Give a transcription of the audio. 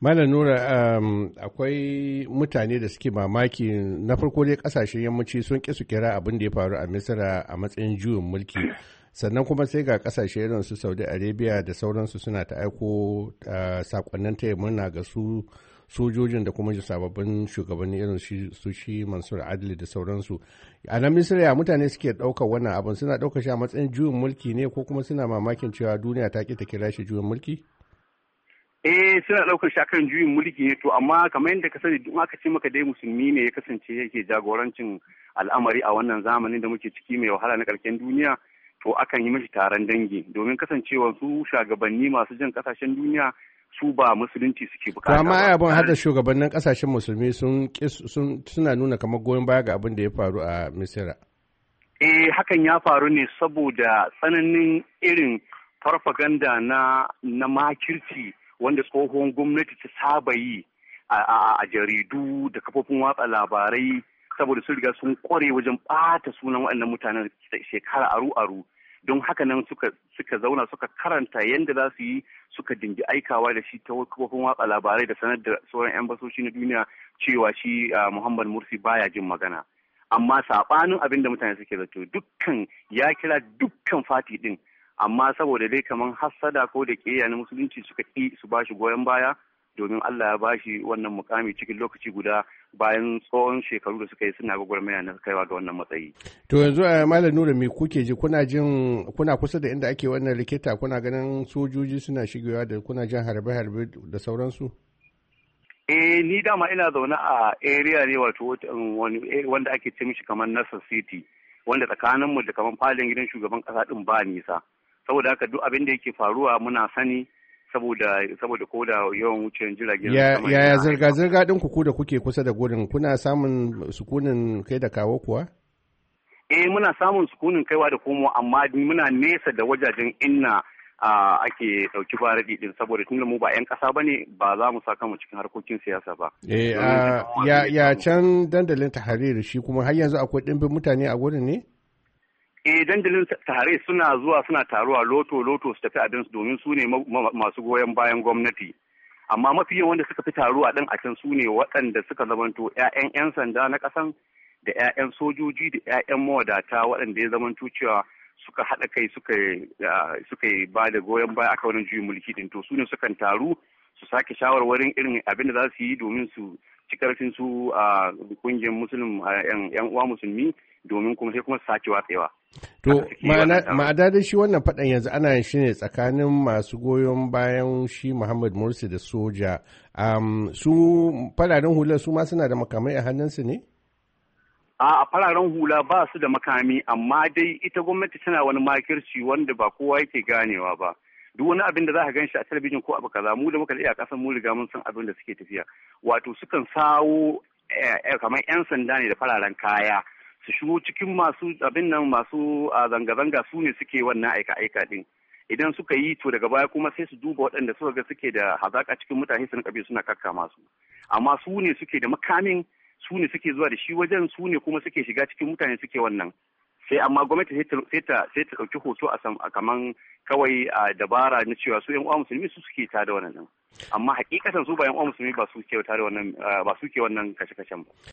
Malam Nura um, akwai mutane da suke mamaki na farko dai kasashen yammaci sun ƙi su kira abin da ya faru a Misira a matsayin juyin mulki. Sannan kuma sai ga kasashe irin su Saudi Arabia da sauransu suna ta aiko uh, sakonnin taya murna ga su sojojin da kuma sababbin shugabanni irin su shi Mansur Adli da sauransu. A nan Misira ya mutane suke ɗaukar wannan abin suna ɗaukar shi a matsayin juyin mulki ne ko kuma suna mamakin cewa duniya ta ƙi ta kira shi juyin mulki? eh suna ɗaukar shi akan juyin mulki ne to amma kamar yadda ka sani duk aka ce maka dai musulmi ne ya kasance yake jagorancin al'amari a wannan zamanin da muke ciki mai wahala na ƙarshen duniya to akan yi mashi taron dangi domin kasancewa su shugabanni masu jan kasashen duniya su ba musulunci suke bukata amma abin hada shugabannin kasashen musulmi sun suna nuna kamar goyon baya ga abin da ya faru a misira eh hakan ya faru ne saboda tsananin irin farfaganda na na makirci wanda tsohon gwamnati ta saba yi a jaridu da kafofin watsa labarai saboda sun riga sun kware wajen ɓata sunan waɗannan mutanen shekara aru-aru don haka nan suka zauna suka karanta yadda za su yi suka dingi aikawa da shi ta kafofin watsa labarai da sanar da sauran 'yan basoshi na duniya cewa shi muhammad mursi baya jin magana amma saɓanin abin da mutane suke zato dukkan ya kira dukkan fati din amma saboda dai kamar hassada ko da ƙeya na musulunci suka ƙi su bashi goyon baya domin Allah ya bashi wannan mukami cikin lokaci guda bayan tsohon shekaru da suka yi suna gwagwarmaya na kaiwa ga wannan matsayi. To yanzu a eh, Malam Nura me kuke ji kuna jin kuna kusa da inda ake wannan likita kuna ganin sojoji suna shigewa da kuna jin harbe-harbe da sauransu? e ni dama ina zaune a area ne wato um, eh, wanda ake ce mishi kamar nasa City wanda tsakaninmu da kamar falon gidan shugaban kasa din ba nisa. saboda haka duk abin da yake faruwa muna sani saboda saboda ko da yawan wucewar jiragen sama ya zirga zirga din ku da kuke kusa da gurin kuna samun sukunin kai da kawo kuwa eh muna samun sukunin kaiwa da komo amma muna nesa da wajajen inna ake ɗauki faradi din saboda tun da mu ba 'yan kasa ba ne ba za mu sa mu cikin harkokin siyasa ba. Eh, ya can dandalin tahariri shi kuma har yanzu akwai ɗimbin mutane a gurin ne? eh dandalin tare suna zuwa suna taruwa loto loto su tafi abin su domin su ne masu goyon bayan gwamnati amma mafi yawan wanda suka fi taruwa din a can su ne waɗanda suka zamanto 'ya'yan 'yan sanda na ƙasan da 'ya'yan sojoji da 'ya'yan mawadata waɗanda ya zamanto cewa suka haɗa kai suka yi ba da goyon baya aka wani juyin mulki din to su ne sukan taru su sake shawarwarin irin abin da za su yi domin su ci karfin su a kungiyar musulun yan uwa musulmi domin kuma sai kuma sace watsewa. To Ma'ada da shi wannan faɗan yanzu ana shi ne tsakanin masu goyon bayan shi Muhammad Morsi da soja. su fararen hula su ma suna da makamai a hannunsu ne? a fararen hula ba su da makami amma dai ita gwamnati tana wani makirci wanda ba kowa yake ganewa ba duk wani abin da za ka gan shi a talabijin ko abu kaza mu da muka da kasan mu riga mun san abin da suke tafiya wato sukan sawo eh, eh, kamar yan sanda ne da fararen kaya su shigo cikin masu abin nan masu zanga-zanga su ne suke wannan aika-aika din idan suka yi to daga baya kuma sai su duba waɗanda suka ga suke da hazaka cikin mutane su na suna kakkama su amma su ne suke da makamin su ne suke zuwa da shi wajen su ne kuma suke shiga cikin mutane suke wannan sai amma gwamnati sai ta sai ta dauki hoto a kaman kawai a dabara na cewa su yan uwa musulmi su suke da wannan amma hakikatan su ba yan uwa musulmi ba su ke da wannan ba su ke wannan kashe-kashen ba